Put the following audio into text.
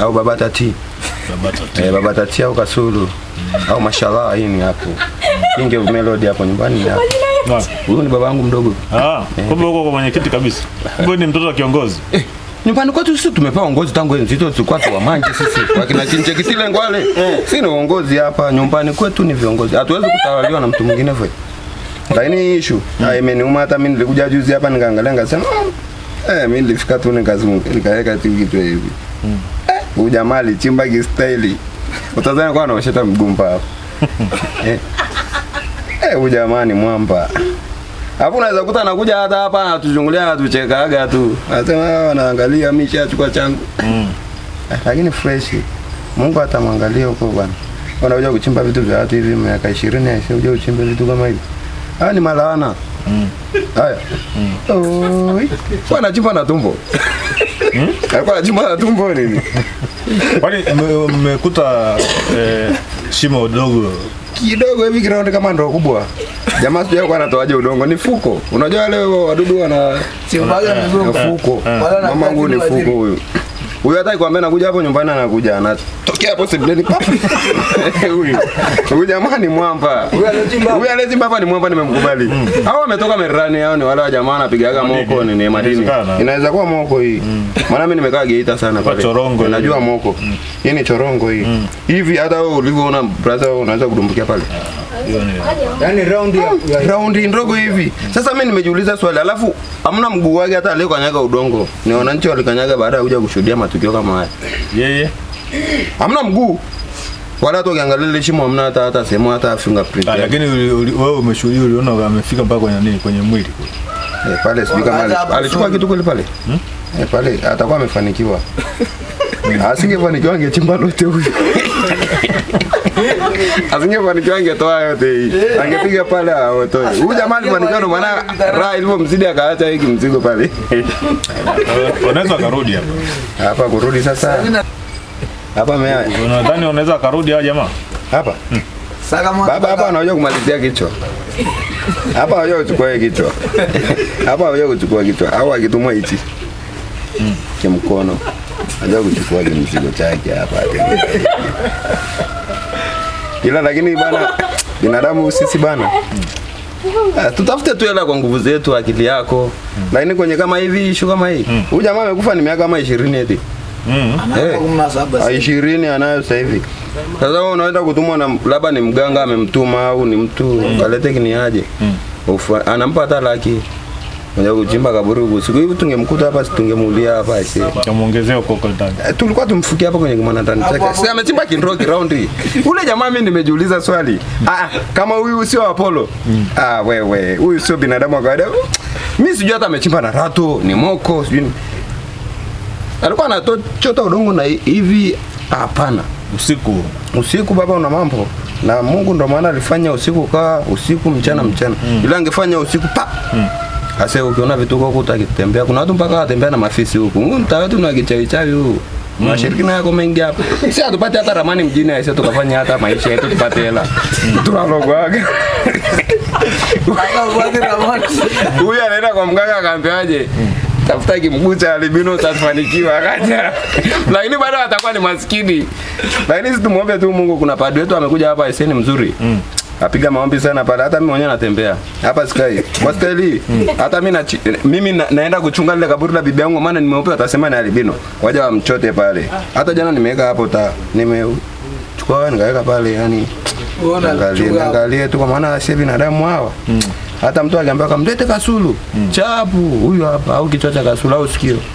au baba tati Babata, eh, baba tati au Kasulu au mashallah, hii ni hapo kinge Melody hapo nyumbani hapo. Huyo ni babangu mdogo. Ah, eh. kumbe huko kwa mwenyekiti kabisa. Kumbe ni mtoto wa kiongozi. Eh, nyumbani kwetu sisi tumepewa uongozi tangu enzi hizo tulikuwa tu wamanje sisi. kwa kina Chinche Kitile Ngwale. Eh, sisi ni uongozi hapa nyumbani kwetu ni viongozi. Hatuwezi kutawaliwa na mtu mwingine vile. Lakini issue hmm, ah, imeniuma hata mimi nilikuja juzi hapa nikaangalia nikasema, ah, eh, mimi nilifika tu nikazunguka nikaweka tu kitu hivi. Mm. Huyu jamaa alichimba kistaili. Utazani kwa anaosheta mgumba hapo. Eh. Eh, huyu jamaa ni mwamba. Hapo unaweza kukuta anakuja hata hapa anatuchungulia, anatuchekaaga tu. Anasema ah, wanaangalia mimi shachukua changu. Mm. Eh, lakini fresh. Mungu atamwangalia huko bwana. Wanakuja kuchimba vitu vya watu hivi miaka 20 aisha kuja uchimbe vitu kama hivi. Hawa ni malawana. Haya. Oi. Kwa anachimba na tumbo. Alikuwa hmm? anachimba na tumbo nini? Kwani mmekuta eh, shimo dogo kidogo hivi kinaonekana kama ndoo kubwa. Jamaa sijui kwa anatoaje udongo, ni fuko. Unajua leo wadudu wana simbaga mzungu fuko. Eh, eh, eh. Mama wangu ni fuko huyu. Huyu hata kwambia nakuja hapo nyumbani anakuja anata Mwanamke hapo sebuleni papa. Huyu. jamaa ni mwamba. Huyu anachimba ni mwamba nimemkubali. Mm. Hao wametoka Merani hao ni wale wa jamaa anapigaga moko ni madini. Inaweza kuwa moko hii. Mm. Maana mimi nimekaa Geita sana pale. Najua moko. Mm. Hii ni chorongo hii. Hivi hata wewe ulivyoona brother unaweza kudumbukia pale. Yaani raundi ya ah, raundi ndogo hivi. Sasa mimi nimejiuliza swali alafu hamna mguu wake hata leo udongo. Ni wananchi walikanyaga baada ya kuja kushuhudia matukio kama haya. Yeye yeah, yeah hamna mguu wala hata ukiangalia ile shimo hamna hata hata sehemu hata fingerprint. Ah, lakini wewe umeshuhudia, uliona amefika mpaka kwenye nini, kwenye mwili eh, pale sijui kama alichukua kitu kule pale hmm? Eh, pale atakuwa amefanikiwa hmm. asingefanikiwa angechimba lote huyo asingefanikiwa angetoa yote hii, eh. angepiga pale aotoe. Huyu jamaa alifanikiwa, ndo maana raha mzidi akaacha hiki mzigo pale. Unaweza karudi hapa hapa kurudi sasa hapa mea. Unadhani unaweza karudi hao jamaa? Hapa. Hmm. Saka mwa. Baba hapa anajua kumalizia kichwa. Hapa anajua kuchukua kichwa. Hapa anajua kuchukua kichwa. Au akitumwa hichi. Hmm. Kimkono. Anajua kuchukua mzigo chake hapa. Ila lakini bana binadamu sisi bana. Ha, ah, tutafute tu hela kwa nguvu zetu, akili yako. Lakini kwenye kama hivi ishu kama hii. Hmm. Huyu jamaa amekufa ni miaka kama 20 hivi ishirini anayo sasa hivi. Sasa wewe unaweza kutumwa na labda ni mganga amemtuma au ni mtu mm. kalete kiniaje mm. anampa hata laki Unajua kuchimba kaburi huko. Siku hivi tungemkuta hapa tungemuulia hapa ise. Tumeongezea huko kwa ndani. Eh, tulikuwa tumfukia hapa kwenye kimana ndani chake. Sasa amechimba kindro ground. Ule jamaa mimi nimejiuliza swali. Ah, ah, kama huyu sio Apollo. Ah, wewe, huyu sio binadamu wa kawaida. Mimi sijui hata amechimba na rato, ni moko, sijui alikuwa anachota udongo na hivi? Hapana, usiku usiku, baba, una mambo na Mungu, ndo maana alifanya usiku kaa usiku, mchana mm. mchana mm. ila angefanya usiku pa mm. Asa ukiona vitu kwa kuta kitembea, Kuna watu mpaka watembea na mafisi huko. Huyu mtaa wetu ni kichawi chawi huu. Mm. Mashirikina nayo mengi hapa. si atupate hata ramani mjini aise tukafanya hata maisha yetu tupate hela. Mm. Tunalogo wake. Huyu anaenda kwa mganga akamwambiaje? Mm tafuta kimguza albino utafanikiwa kaja Lakini bado atakuwa ni maskini. Lakini si tumuombe tu Mungu. Kuna padri wetu amekuja hapa Iseni mzuri. Mm. Apiga maombi sana pale, hata mimi mwenyewe natembea hapa sky kwa staili hata mimi na, mimi naenda kuchunga lile kaburi la bibi yangu, maana nimeopewa, watasema ni albino, waje wamchote pale. Hata jana nimeweka hapo ta nimechukua nikaweka pale, yani angalie angalie tu, kwa maana si binadamu hawa mm. Hata mtu aliambia kamlete kasulu, mm. chapu huyu hapa, au kichwa cha kasulu au sikio,